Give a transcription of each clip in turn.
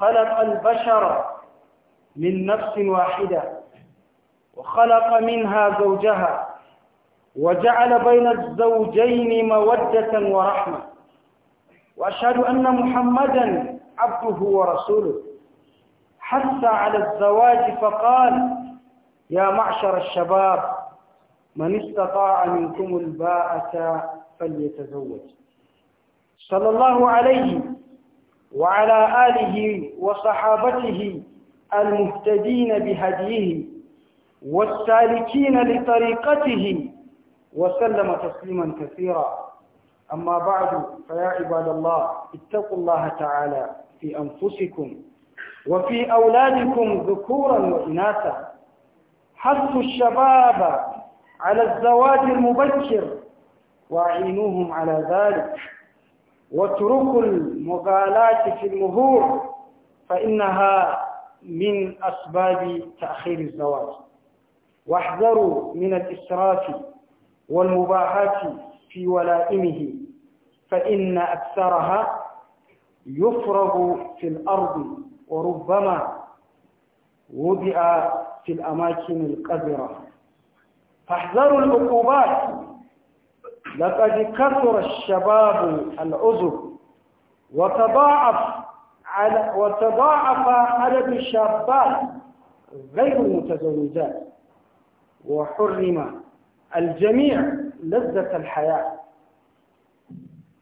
خلق البشر من نفس واحدة وخلق منها زوجها وجعل بين الزوجين مودة ورحمة وأشهد أن محمدا عبده ورسوله حث على الزواج فقال يا معشر الشباب من استطاع منكم الباءة فليتزوج صلى الله عليه وعلى آله وصحابته المهتدين بهديه والسالكين لطريقته وسلم تسليما كثيرا أما بعد فيا عباد الله اتقوا الله تعالى في أنفسكم وفي أولادكم ذكورا وإناثا حثوا الشباب على الزواج المبكر وأعينوهم على ذلك واتركوا المغالاة في المهور فإنها من أسباب تأخير الزواج واحذروا من الإسراف والمباحات في ولائمه فإن أكثرها يفرغ في الأرض وربما وضع في الأماكن القذرة فاحذروا العقوبات لقد كثر الشباب العذر وتضاعف على وتضاعف عدد الشابات غير المتزوجات وحرم الجميع لذة الحياة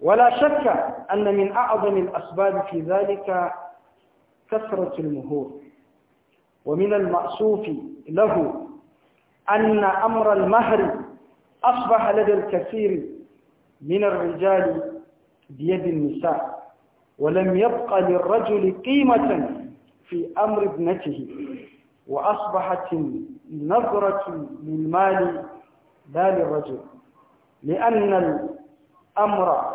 ولا شك أن من أعظم الأسباب في ذلك كثرة المهور ومن المأسوف له أن أمر المهر أصبح لدى الكثير من الرجال بيد النساء ولم يبقى للرجل قيمة في أمر ابنته وأصبحت النظرة للمال لا للرجل لأن الأمر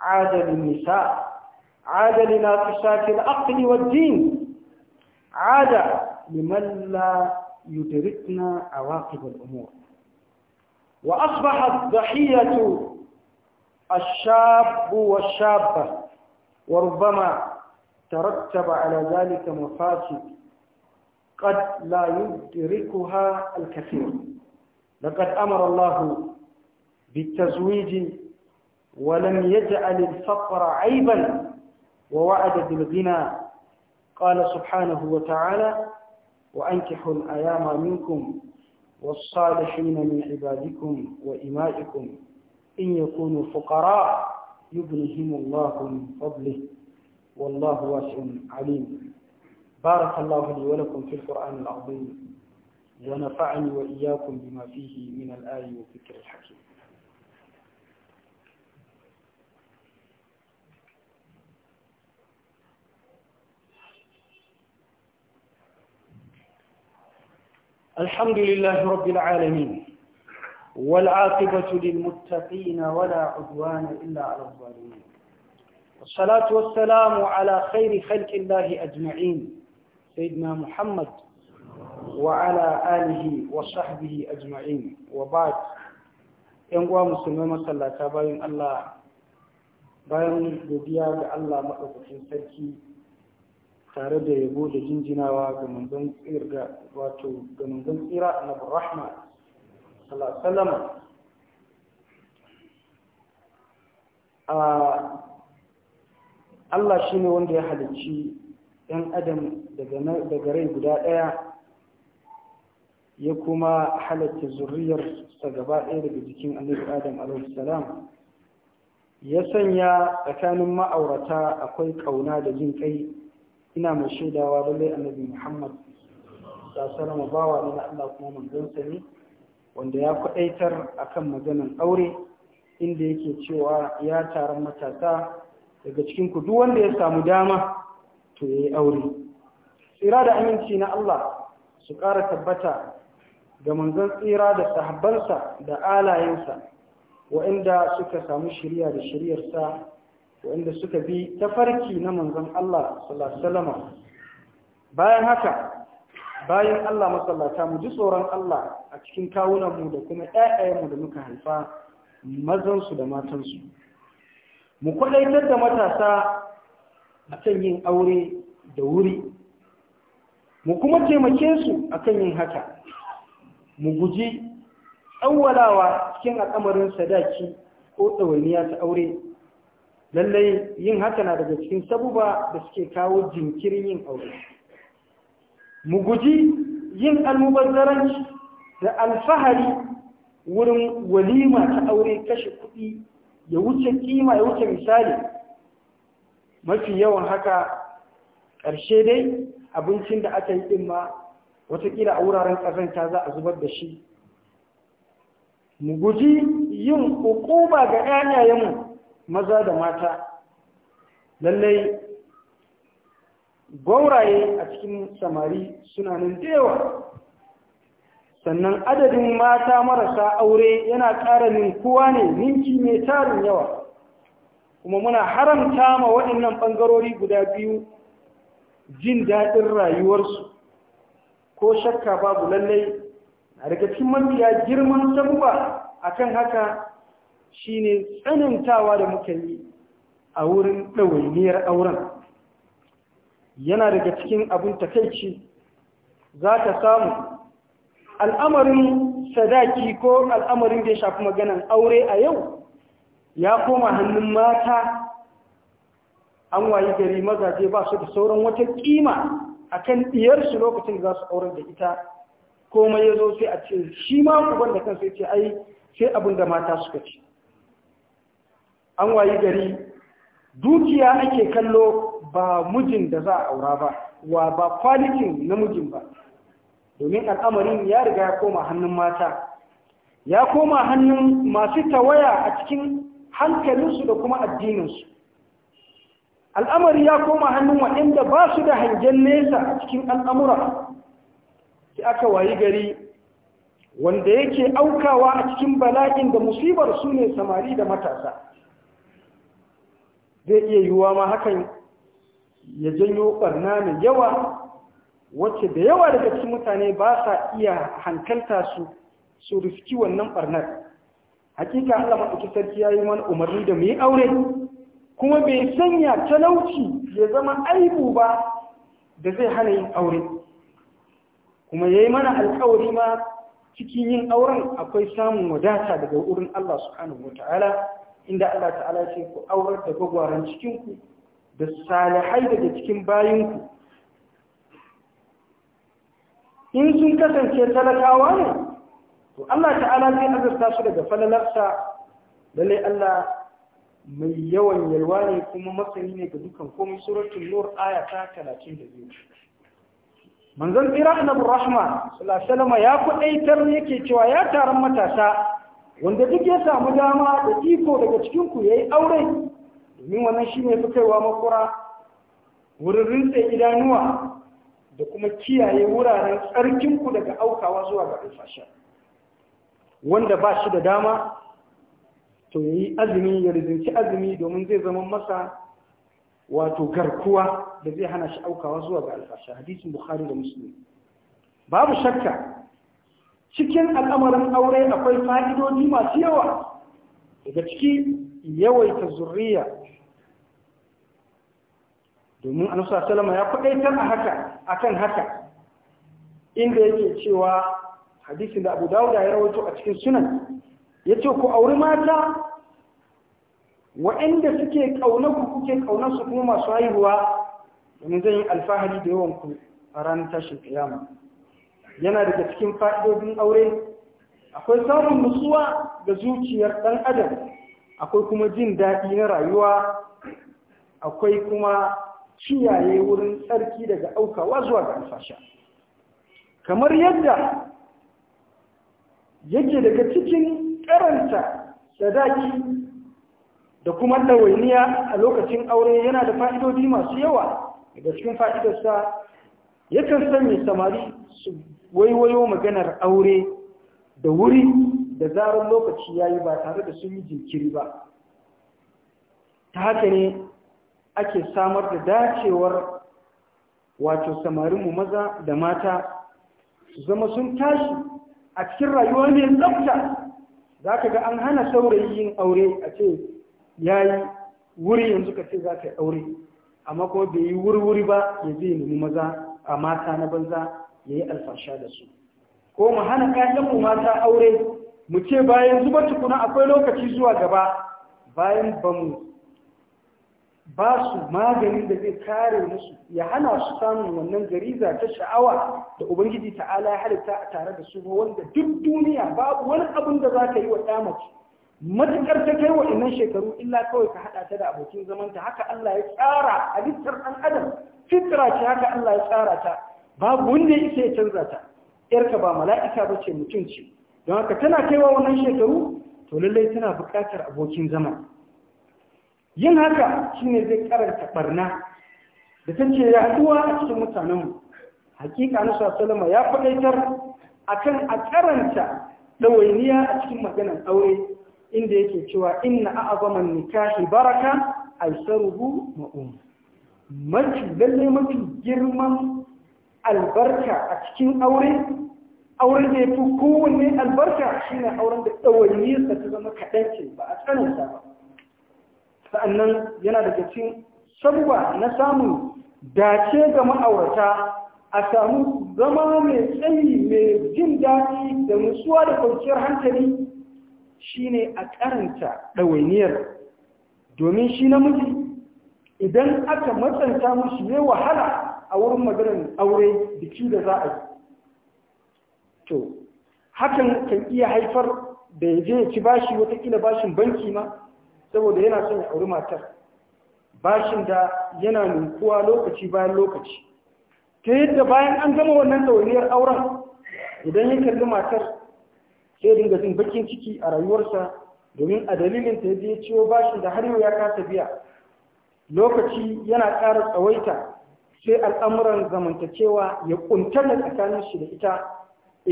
عاد للنساء عاد لناقشات العقل والدين عاد لمن لا يدركنا عواقب الأمور وأصبحت ضحية الشاب والشابة وربما ترتب على ذلك مفاسد قد لا يدركها الكثير لقد أمر الله بالتزويج ولم يجعل الفقر عيبا ووعد بالغنى قال سبحانه وتعالى وأنكحوا الأيام منكم والصالحين من عبادكم وإمائكم إن يكونوا فقراء يبنهم الله من فضله والله واسع عليم بارك الله لي ولكم في القرآن العظيم ونفعني وإياكم بما فيه من الآي والذكر الحكيم الحمد لله رب العالمين والعاقبة للمتقين ولا عدوان إلا على الظالمين والصلاة والسلام على خير خلق الله أجمعين سيدنا محمد وعلى آله وصحبه أجمعين وبعد ينقوى مسلمين صلى الله الله bayan godiya ga Allah maɗaukakin sarki tare da yabo da jinjinawa ga manzon tsira wato ga manzon tsira annabi rahma sallallahu alaihi wasallam Allah ne wanda ya halicci ɗan adam daga rai guda ɗaya ya kuma halatta zurriyarsa gaba ɗaya daga jikin annabi adam alaihissalam ya sanya tsakanin ma'aurata akwai ƙauna da jin kai ina mai shaidawa lallai annabi muhammad salama bawa ne na allah kuma manzansa ne wanda ya kwaɗaitar a kan maganan aure inda yake cewa ya taron matasa daga cikin kudu wanda ya samu dama to ya yi aure tsira da aminci na Allah su ƙara tabbata ga manzon tsira da sahabbansa da alayensa Wainda suka samu shirya da shiryarsa. Wainda suka bi tafarki na manzon Allah sallallahu alaihi wasallam bayan haka bayan Allah masallata mu ji tsoron Allah a cikin kawunan mu da kuma ‘ya'yayenmu da muka haifa mazansu da matansu. Mu kwaɗaitar da matasa a kan yin aure da wuri, mu kuma taimake su a kan yin haka, mu guji tsawalawa cikin al'amarin sadaki ko ɗawainiya ta aure. Lallai yin haka na daga cikin sabuba da suke kawo jinkirin yin aure. mu guji yin almubazzaranci da alfahari wurin walima ta aure kashe kuɗi ya wuce kima ya wuce misali mafi yawan haka ƙarshe dai abincin da aka yi ɗin ma watakila a wuraren ƙazanta za a zubar da shi mu guji yin hukuma ga 'ya'yayenmu maza da mata lallai gauraye a cikin samari suna nan da sannan adadin mata marasa aure yana ƙara ninkuwa ne ninki mai tarin yawa kuma muna haramta ma waɗannan ɓangarori guda biyu jin daɗin rayuwarsu ko shakka babu lallai a daga cikin mafiya girman a kan haka shi shine tsanantawa da muka yi a wurin ɗawainiyar auren yana daga cikin abin takaici za ta samu al'amarin sadaki ko al'amarin da ya shafi maganan aure a yau ya koma hannun mata an wayi gari mazaje ba su da sauran wata kima a kan ɗiyarsu lokacin za su auren da ita komai ya zo sai a ce shi ma uban da kansa ce ai sai abin da mata suka ce an wayi gari dukiya ake kallo ba mijin da za a aura ba wa ba kwalitin namijin ba domin al'amarin ya riga ya koma hannun mata ya koma hannun masu tawaya a cikin hankalinsu da kuma addininsu al'amari ya koma hannun waɗanda ba su da hangen nesa a cikin al'amura sai aka wayi gari wanda yake aukawa a cikin bala'in da musibar su ne samari da matasa zai iya yiwuwa ma hakan ya janyo ɓarna mai yawa wacce da yawa daga cikin mutane ba sa iya hankalta su su riski wannan ɓarnar hakika Allah maɗauki sarki ya yi wani umarni da mu aure kuma bai sanya talauci ya zama aibu ba da zai hana yin aure kuma ya yi mana alkawari ma cikin yin auren akwai samun wadata daga wurin Allah subhanahu wa inda Allah ta'ala ya ce ku aurar da gwagwaran cikinku da salihai daga cikin bayinku in sun kasance talakawa ne to Allah ta'ala zai azurta su daga falalarsa lalle Allah mai yawan yalwa ne kuma masani ne ga dukan komai suratul nur aya ta 32 manzon tsira annabi rahma sallallahu alaihi ya kudaitar yake cewa ya taron matasa wanda duk ya samu dama da iko daga cikin ku yayi aure domin wannan shi ne kai wa makura wurin rinse idanuwa da kuma kiyaye wuraren tsarkinku daga aukawa zuwa ga alfasha wanda ba shi da dama to yi azumi ya rizinci azumi domin zai zama masa wato garkuwa da zai hana shi aukawa zuwa ga alfasha hadisun bukhari da musulmi babu shakka cikin al'amarin aure akwai fa'idodi masu yawa daga ciki yawaita zurriya domin annabi sallallahu ya kudaitar a haka akan haka inda yake cewa hadisin da Abu Dawud ya rawaito a cikin sunan ce ku auri mata waɗanda suke kauna ku kuke kauna su kuma masu haihuwa domin zan yi alfahari da yawan ku a ranar tashin kiyama yana daga cikin fa'idodin aure akwai samun nutsuwa ga zuciyar ɗan adam akwai kuma jin daɗi na rayuwa akwai kuma kiyaye wurin tsarki daga aukawa zuwa ga alfasha kamar yadda yake daga cikin karanta sadaki da kuma ɗawainiya a lokacin aure yana da fa'idodi masu yawa daga cikin fa'idarsa yakan sanya samari su waiwayo maganar aure da wuri da zarar lokaci ya yi ba tare da sun yi jinkiri ba ta haka ne ake samar da dacewar wato mu maza da mata su zama sun tashi a cikin rayuwa mai tsafta za ka ga an hana saurayi yin aure a ce ya yi wuri yanzu ka ce za ka yi aure amma kuma bai yi wuri-wuri ba ya zai nemi maza a mata na banza ya yi alfasha da su ko mu hana ƴaƴanmu mata aure mu ce bayan zuba tukuna akwai lokaci zuwa gaba bayan ba mu ba su maganin da zai kare musu ya hana su samun wannan gariza ta sha'awa da ubangiji ta'ala ya halitta a tare da su wanda duk duniya babu wani abin da za ka yi wa ɗamaci matuƙar ta kai wa innan shekaru illa kawai ka haɗa ta da abokin zamanta haka Allah ya tsara halittar ɗan adam fitra ce haka Allah ya tsara ta babu wanda ya isa ya canza ta yarka ba mala'ika ba ce mutum ce don haka tana kaiwa wannan shekaru to lallai tana buƙatar abokin zama yin haka shine zai karanta barna da ya zuwa a cikin mutanenmu hakika na salama ya fadaitar akan a karanta ɗawainiya a cikin maganar aure inda yake cewa inna a'zaman nikahi baraka aisaruhu ma'um mafi lalle mafi girman albarka a cikin aure auren da ya fi kowanne albarka shine auren da ɗawainiyarsa ta zama kaɗan ce ba a tsananta ba sa'annan yana da cikin sabuwa na samun dace ga ma'aurata a samu zama mai tsayi mai jin daɗi da nutsuwa da kwanciyar hankali shine a karanta ɗawainiyar domin shi namiji idan aka matsanta mushi ne wahala a wurin maganar aure biki da za a yi to hakan kan iya haifar da ya je ya ci bashi watakila bashin banki ma saboda yana son ya auri matar bashin da yana ninkuwa lokaci bayan lokaci ta yadda bayan an zama wannan tsawoniyar auren idan ya kalli matar sai dinga jin bakin ciki a rayuwarsa domin a dalilin ta ya ciwo bashin da har yau ya kasa biya lokaci yana ƙara tsawaita sai al'amuran zamantacewa ya ƙuntar da tsakanin shi da ita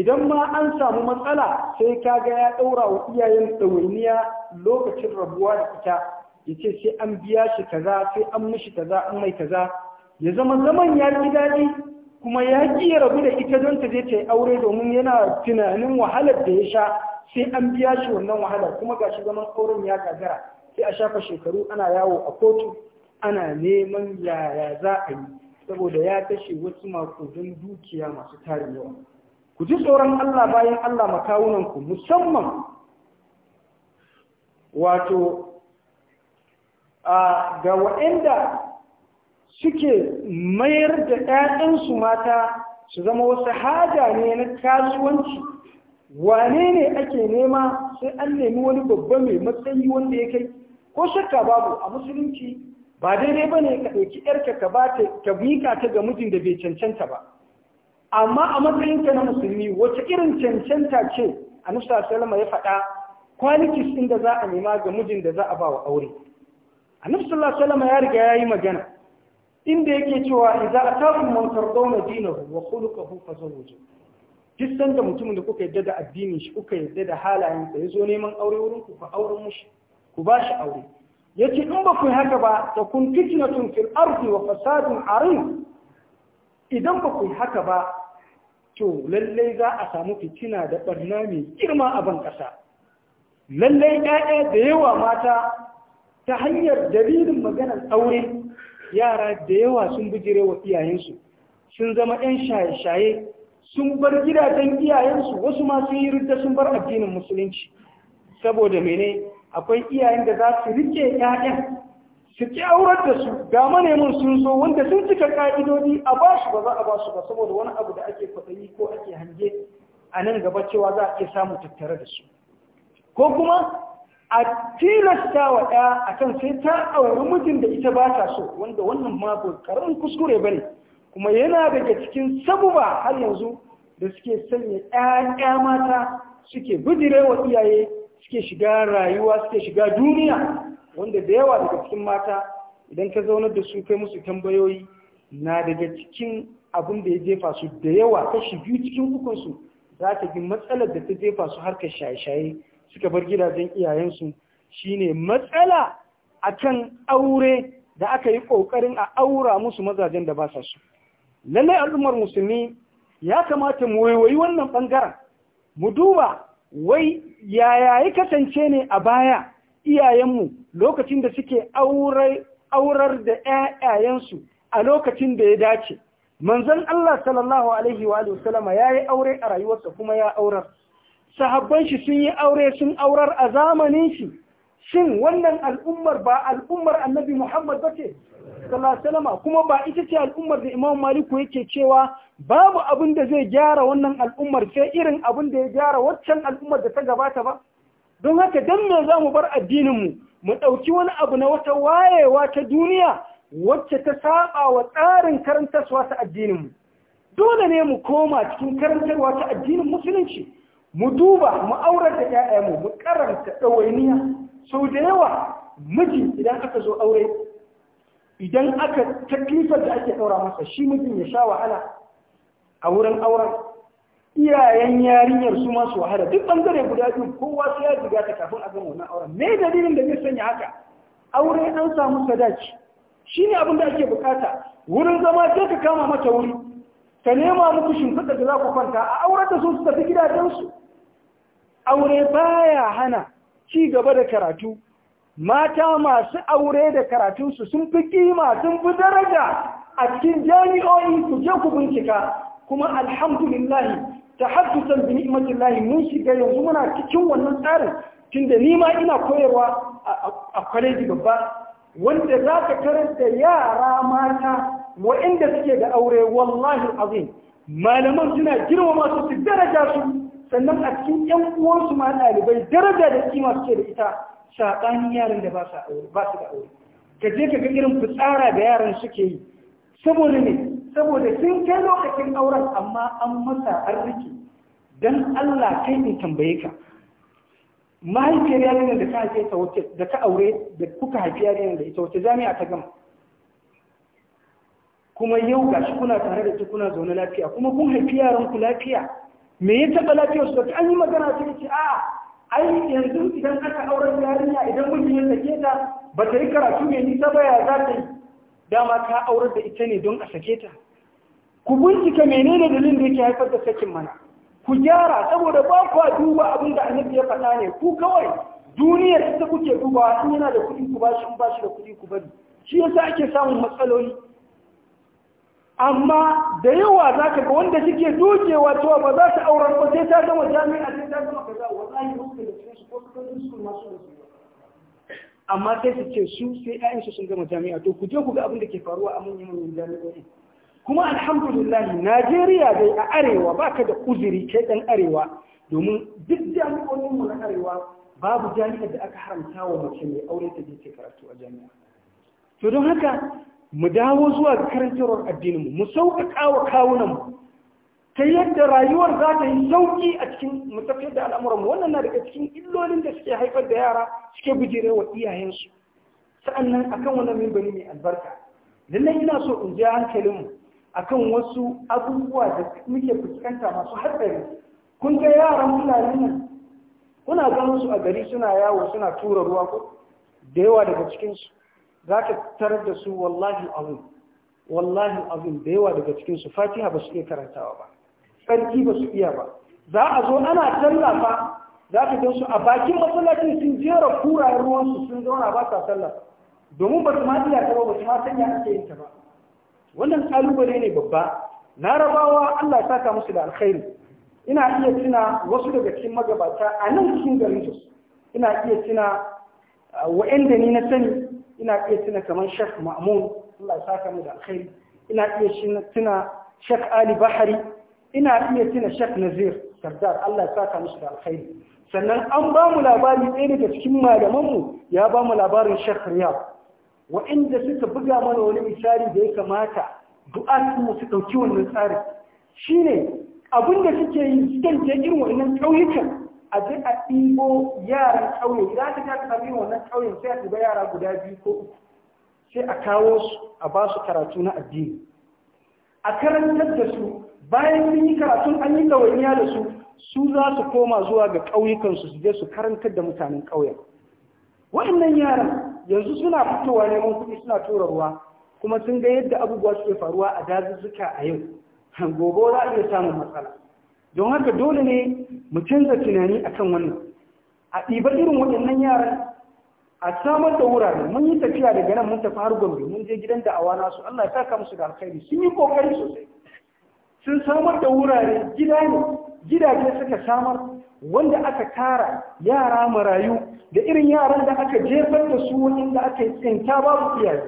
idan ma an samu matsala sai ka ga ya ɗaura wa iyayen ɗawainiya lokacin rabuwa da ita ya ce sai an biya shi kaza sai an mishi kaza an mai kaza ya zama zaman ya ji daɗi kuma ya ki ya rabu da ita don ta je ta yi aure domin yana tunanin wahalar da ya sha sai an biya shi wannan wahalar kuma gashi zaman auren ya gagara sai a shafa shekaru ana yawo a kotu ana neman yaya za a yi saboda ya kashe wasu makudin dukiya masu tarin yawa ku ji tsoron Allah bayan Allah makawunanku musamman wato ga waɗanda suke mayar da ‘ya'yansu mata su zama wasu haja ne na kasuwanci wane ne ake nema sai an nemi wani babba mai matsayi wanda ya kai ko shakka babu a musulunci ba daidai ba ne ka ɗauki ‘yarka ka ba ta ta ga mijin da bai cancanta ba amma a matsayin ta na musulmi wace irin cancanta ce a nusa salama ya faɗa kwalitis ɗin da za a nema ga mijin da za a ba wa aure a nusa salama ya riga ya yi magana inda yake cewa a tafi man dauna dinahu wa khuluquhu fazawwiju duk sanda mutumin da kuka yadda da addinin shi kuka yadda da halayen sa zo neman aure wurin ku fa auren mushi ku ba shi aure ce, in ba ku haka ba ta kun tun fil ardi wa fasadun arin idan ba ku haka ba to lallai za a samu fitina da barna mai girma a ban ƙasa lallai ƴaƴa da yawa mata ta hanyar dalilin maganar aure yara da yawa sun bijire wa iyayensu sun zama 'yan shaye-shaye sun bar gidajen iyayensu wasu ma sun yi rinta sun bar addinin musulunci saboda mene akwai iyayen da za su rike 'ya'yan su ki da su ga manemin sun zo wanda sun cika ka'idodi a ba su ba za a ba su ba saboda wani abu da ake kwaɗayi ko ake hange a nan gaba cewa za a iya samu tattare da su ko kuma a tilasta wa ɗaya a kan sai ta auri mijin da ita ba ta so wanda wannan ma ba karamin kuskure ba ne kuma yana daga cikin sabuba har yanzu da suke sanya ɗaya mata suke bijire iyaye suke shiga rayuwa suke shiga duniya wanda da yawa daga cikin mata idan ka zaunar da su kai musu tambayoyi na daga cikin abin da ya jefa su da yawa kashi biyu cikin hukunsu za ta bi matsalar da ta jefa su harkar shaye-shaye suka bar gidajen iyayensu shi ne matsala a kan aure da aka yi ƙoƙarin a aura musu mazajen da ba sa su. Lallai al'ummar musulmi ya kamata mu waiwayi wannan ɓangaren, mu duba wai yaya ya kasance ne a baya iyayenmu lokacin da suke aurar da ‘ya'yayensu a lokacin da ya dace. Manzon Allah sallallahu Alaihi wa sallama ya yi aure a rayuwarsa kuma ya aurar. Sahabban shi sun yi aure sun aurar a zamanin shi. Shin wannan al'ummar ba al'ummar annabi Muhammad ba ce? Sallallahu kuma ba ita ce al'ummar da Imam Maliku yake cewa babu abin da zai gyara wannan al'ummar sai irin abin da ya gyara waccan al'ummar da ta gabata ba. don haka don me za mu bar addininmu mu ɗauki wani abu na wata wayewa ta duniya wacce ta saba wa tsarin karantarwa ta addininmu dole ne mu koma cikin karantarwa ta addinin musulunci mu duba mu aurar da ƴaƴanmu mu karanta ɗawainiya sau da yawa miji idan aka zo aure idan aka taklifar da ake ɗaura masa shi mijin ya sha wahala a wurin auren iyayen yarinyar su masu wahala duk bangare guda biyu kowa sai ya jiga ta kafin a gama wannan auren me dalilin da zai sanya haka aure an samu sadaci shine abin da ake bukata wurin zama sai ka kama mata wuri ka nema muku shimfiɗa da za ku kwanta a auren da su su tafi gidajensu aure baya hana ci gaba da karatu mata masu aure da karatunsu sun fi kima sun fi daraja a cikin jami'o'i ku je ku bincika kuma alhamdulillah ta harsusan bi ni'matillahi mun shiga yanzu muna cikin wannan tsarin tunda ni ma ina koyarwa a kwaleji babba wanda za ka karanta yara mata waɗanda suke da aure wallahi azim malaman suna girmama masu su daraja su sannan a cikin yan uwansu ma ɗalibai daraja da kima suke da ita saɓanin yaran da ba su da aure ka je ka ga irin fitsara da yaran suke yi saboda ne saboda sun kai lokacin auren amma an masa arziki don Allah kai ne tambaye ka mahaifiyar yarinyar da ka haife ta wace da ka aure da kuka haifi yarinyar da ita wace jami'a ta gama kuma yau gashi kuna tare da su kuna zaune lafiya kuma kun haifi yaran ku lafiya me ya taɓa lafiyar su da an yi magana sai ce a ai yanzu idan aka auren yarinya idan mutum ya sake ta ba ta yi karatu mai nisa ba ya za ta yi dama ka aurar da ita ne don a sake ta ku bincika menene dalilin da yake haifar da sakin mana ku gyara saboda ba ku duba abin da annabi ya faɗa ne ku kawai duniyar ta kuke dubawa in yana da kuɗi ku bashi in bashi da kuɗi ku bari shi yasa ake samun matsaloli amma da yawa za ka ga wanda suke dokewa cewa ba za su aurar ba sai ta gama jami'a sai ta gama kaza wallahi mutum da su ko kuma su masu amma sai su ce su sai su sun gama jami'a to ku je ku ga abin da ke faruwa a manyan manyan jami'o'i kuma alhamdulillah Najeriya dai a arewa baka da uzuri kai dan arewa domin duk jami'o'in mu na arewa babu jami'ar da aka haramta wa mace mai aure ta je karatu a jami'a to don haka mu dawo zuwa ga karantarwar addinin mu mu sauƙaƙa wa kawunan mu ta yadda rayuwar za ta yi sauƙi a cikin mu tafiyar da al'amuran mu wannan na daga cikin illolin da suke haifar da yara suke bijire wa iyayensu sa'annan akan wannan mimbari mai albarka lallai ina so in ji hankalinmu akan wasu abubuwa da muke fuskanta masu hatsari kun ga yaran fulani nan kuna ganin su a gari suna yawo suna tura ruwa ko da yawa daga cikinsu za ka tarar da su wallahi abin wallahi abin da yawa daga cikinsu fatiha ba su iya karantawa ba Sarki ba su iya ba za a zo ana tallafa za ka gan su a bakin masallacin sun jera kurayen ruwansu sun zauna ba sa sallah domin ba su ma iya ta ba su ma sanya ake yin ta ba wannan kalubale ne babba rabawa Allah ya saka musu da alkhairi ina iya tuna wasu daga cikin magabata a nan cikin garin su ina iya tuna wa'anda ni na sani ina iya tuna kamar Sheikh Ma'mun Allah ya saka mu da alkhairi ina iya tuna Sheikh Ali Bahari ina iya tuna Sheikh Nazir Sardar Allah ya saka musu da alkhairi sannan an ba mu labari ɗaya daga cikin malamanmu ya ba mu labarin shakariyar wa'inda suka buga mana wani misali da ya kamata du'atu su ɗauki wannan tsari shi ne abinda suke yi sukan je irin wannan ƙauyukan a je a ɗibo yaran ƙauye idan aka ta sami wannan ƙauyen sai a ɗiba yara guda biyu ko uku sai a kawo su a ba su karatu na addini a karantar da su bayan sun yi karatun an yi ɗawainiya da su su za su koma zuwa ga ƙauyukansu su je su karantar da mutanen ƙauyen waɗannan yaran yanzu suna fitowa neman kuɗi suna tura ruwa kuma sun ga yadda abubuwa suke faruwa a dazuzzuka a yau gobe za a iya samun matsala don haka dole ne mu canza tunani a kan wannan a ɗiba irin waɗannan yaran a samar da wurare mun yi tafiya daga nan mun tafi har gombe mun je gidan da da'awa nasu Allah ya saka musu da alkhairi sun yi kokari sosai sun samar da wurare gida ne gidaje suka samar wanda aka tara yara marayu da irin yaran da aka jefar da su inda aka yi tsinta babu iyaye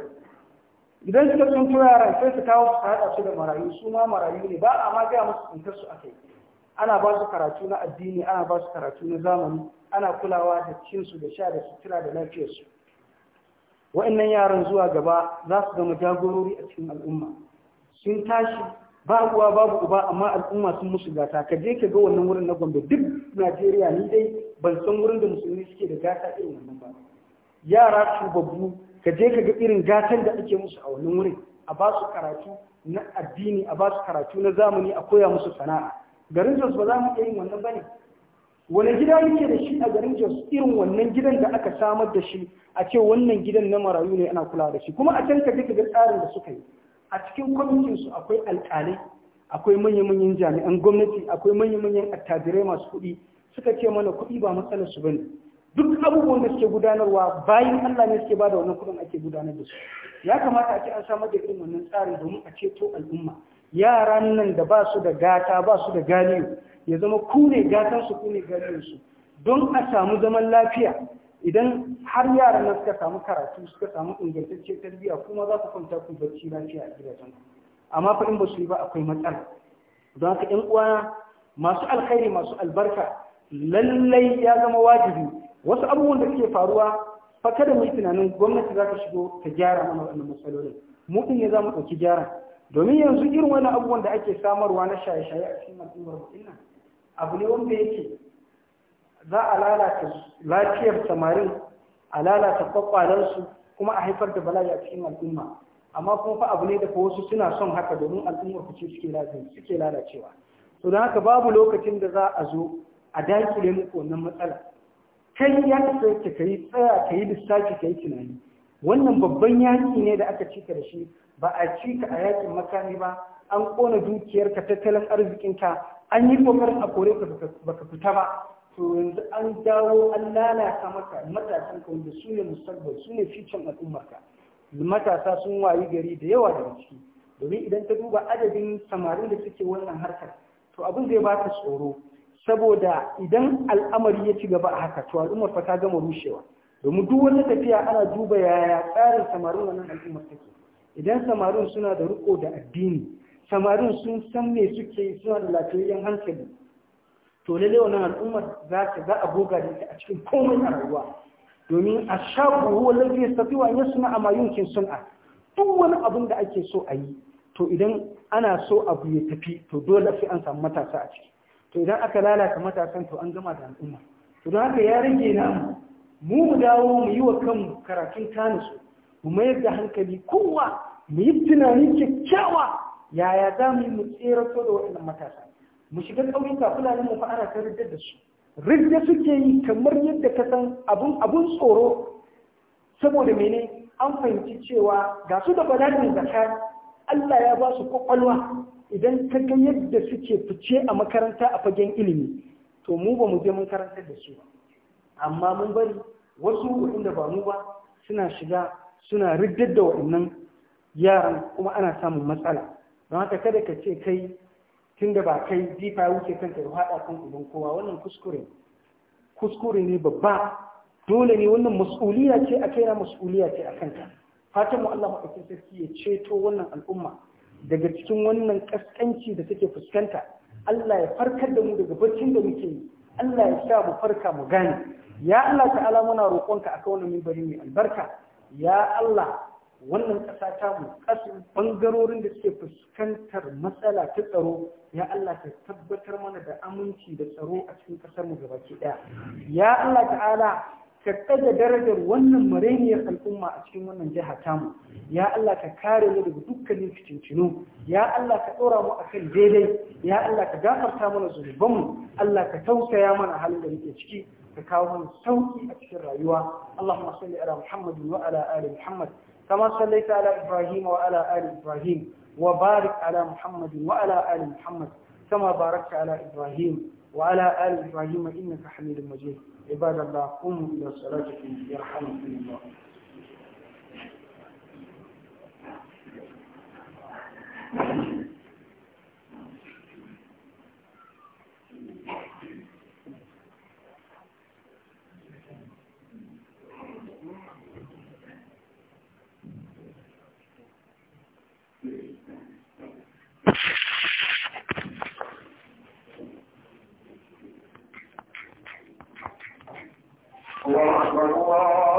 idan suka tsinto yara, sai su kawo su haɗa su da marayu su ma marayu ne ba a ma gaya musu tsinta su aka yi ana ba su karatu na addini ana ba su karatu na zamani ana kulawa da cinsu da sha da sutura da lafiyarsu wa'annan yaran zuwa gaba za su zama jagorori a cikin al'umma sun tashi ba uwa babu uba amma al'umma sun musu gata ka je ka ga wannan wurin na gombe duk najeriya ni dai ban san wurin da musulmi suke da gata irin wannan ba yara shugabbu ka je ka ga irin gatan da ake musu a wannan wurin a ba su karatu na addini a ba su karatu na zamani a koya musu sana'a garin jos ba za mu iya yin wannan ba ne wani gida yake da shi a garin jos irin wannan gidan da aka samar da shi a ce wannan gidan na marayu ne ana kula da shi kuma a can ka je ka ga tsarin da suka yi a cikin kwamitinsu akwai alƙalai akwai manya-manyan jami'an gwamnati akwai manya-manyan attajirai masu kuɗi suka ce mana kuɗi ba matsalar su bane duk abubuwan da suke gudanarwa bayan Allah ne suke ba da wannan kuɗin ake gudanar da su ya kamata a ce an samar da irin wannan tsarin domin a ceto al'umma yaran nan da ba su da gata ba su da galiyo ya zama ku ne gatan su ku ne galiyo su don a samu zaman lafiya idan har yaran nan suka samu karatu suka samu ingantacciyar tarbiyya kuma za ku kwanta ku bacci lafiya a gidajen amma fa in ba su yi ba akwai matsala don haka ɗan uwa masu alkhairi masu albarka lallai ya zama wajibi wasu abubuwan da suke faruwa fa kada mu yi tunanin gwamnati za ta shigo ta gyara mana wannan matsalolin mu din ne za mu ɗauki gyara domin yanzu irin wani abubuwan da ake samarwa na shaye-shaye a cikin al'ummar mu abu ne wanda yake za a lalata lafiyar samarin a lalata kwakwalansu kuma a haifar da bala'i a cikin al'umma amma kuma fa abu ne da wasu suna son haka domin al'ummar ku ce suke lalacewa to don haka babu lokacin da za a zo a dakile muku wannan matsala kai ya kasance ka yi tsaya ka yi lissafi ka yi tunani wannan babban yaki ne da aka cika da shi ba a cika a yakin makami ba an kona dukiyarka tattalin arzikinka an yi kokarin a kore ka baka fita ba to yanzu an dawo an lalata maka matasan ka wanda su ne musabbal su ne ficin al'ummarka matasa sun wayi gari da yawa da ciki domin idan ta duba adadin samarin da suke wannan harkar to abin zai ba ta tsoro saboda idan al'amari ya ci gaba a haka to al'ummar fa ta gama rushewa domin duk wani tafiya ana duba yaya tsarin samarin wannan al'ummar take idan samarin suna da riko da addini samarin sun san me suke suna da lafiyayyen hankali to lalle wannan al'ummar za ta za a boga da ita a cikin komai a rayuwa domin a shafu huwa lalle ya tafi wa a na sun'a duk wani abin da ake so a yi to idan ana so abu ya tafi to dole sai an samu matasa a ciki to idan aka lalata matasan to an gama da al'umma to don haka ya rage namu mu mu dawo mu yi wa kanmu karatun tanisu mu mayar da hankali kowa mu yi tunani kyakkyawa yaya za mu yi mu tserato da waɗannan matasa mu shiga ƙauyuka fulani mu fa ana ta riddar da su riddar suke yi kamar yadda ka san abun tsoro saboda mene an fahimci cewa ga su da bala'in zakka Allah ya ba su kwakwalwa idan ka ga yadda suke fice a makaranta a fagen ilimi to mu ba mu je mun karantar da su amma mun bari wasu da ba mu ba suna shiga suna riddar da waɗannan yaran kuma ana samun matsala don haka kada ka ce kai tun ba kai jifa ya wuce kanka ya haɗa kan ubin kowa wannan kuskure kuskure ne babba dole ne wannan mas'uliya ce a kaina mas'uliya ce a kanta. fatan mu Allah madaukakin sarki ya ceto wannan al'umma daga cikin wannan kaskanci da take fuskanta Allah ya farkar da mu daga barcin da muke yi Allah ya sa mu farka mu gane ya Allah ta'ala muna roƙonka akan wannan mimbari mai albarka ya Allah wannan ƙasa ta mu ƙasin ɓangarorin da suke fuskantar matsala ta tsaro ya Allah ka tabbatar mana da aminci da tsaro a cikin ƙasarmu mu gabaki ɗaya ya Allah ta'ala ka ɗaga darajar wannan mareniyar al'umma a cikin wannan jiha tamu ya Allah ka kare mu daga dukkanin fitincinu ya Allah ka ɗora mu akan daidai ya Allah ka gafarta mana zunubanmu Allah ka tausaya mana halin da muke ciki ka kawo mana sauki a cikin rayuwa Allahumma salli ala Muhammad wa ala ali Muhammad كما صليت على إبراهيم وعلى آل إبراهيم وبارك على محمد وعلى آل محمد كما باركت على إبراهيم وعلى آل إبراهيم إنك حميد مجيد عباد الله قوموا إلى صلاتكم يرحمكم الله Thank you. الله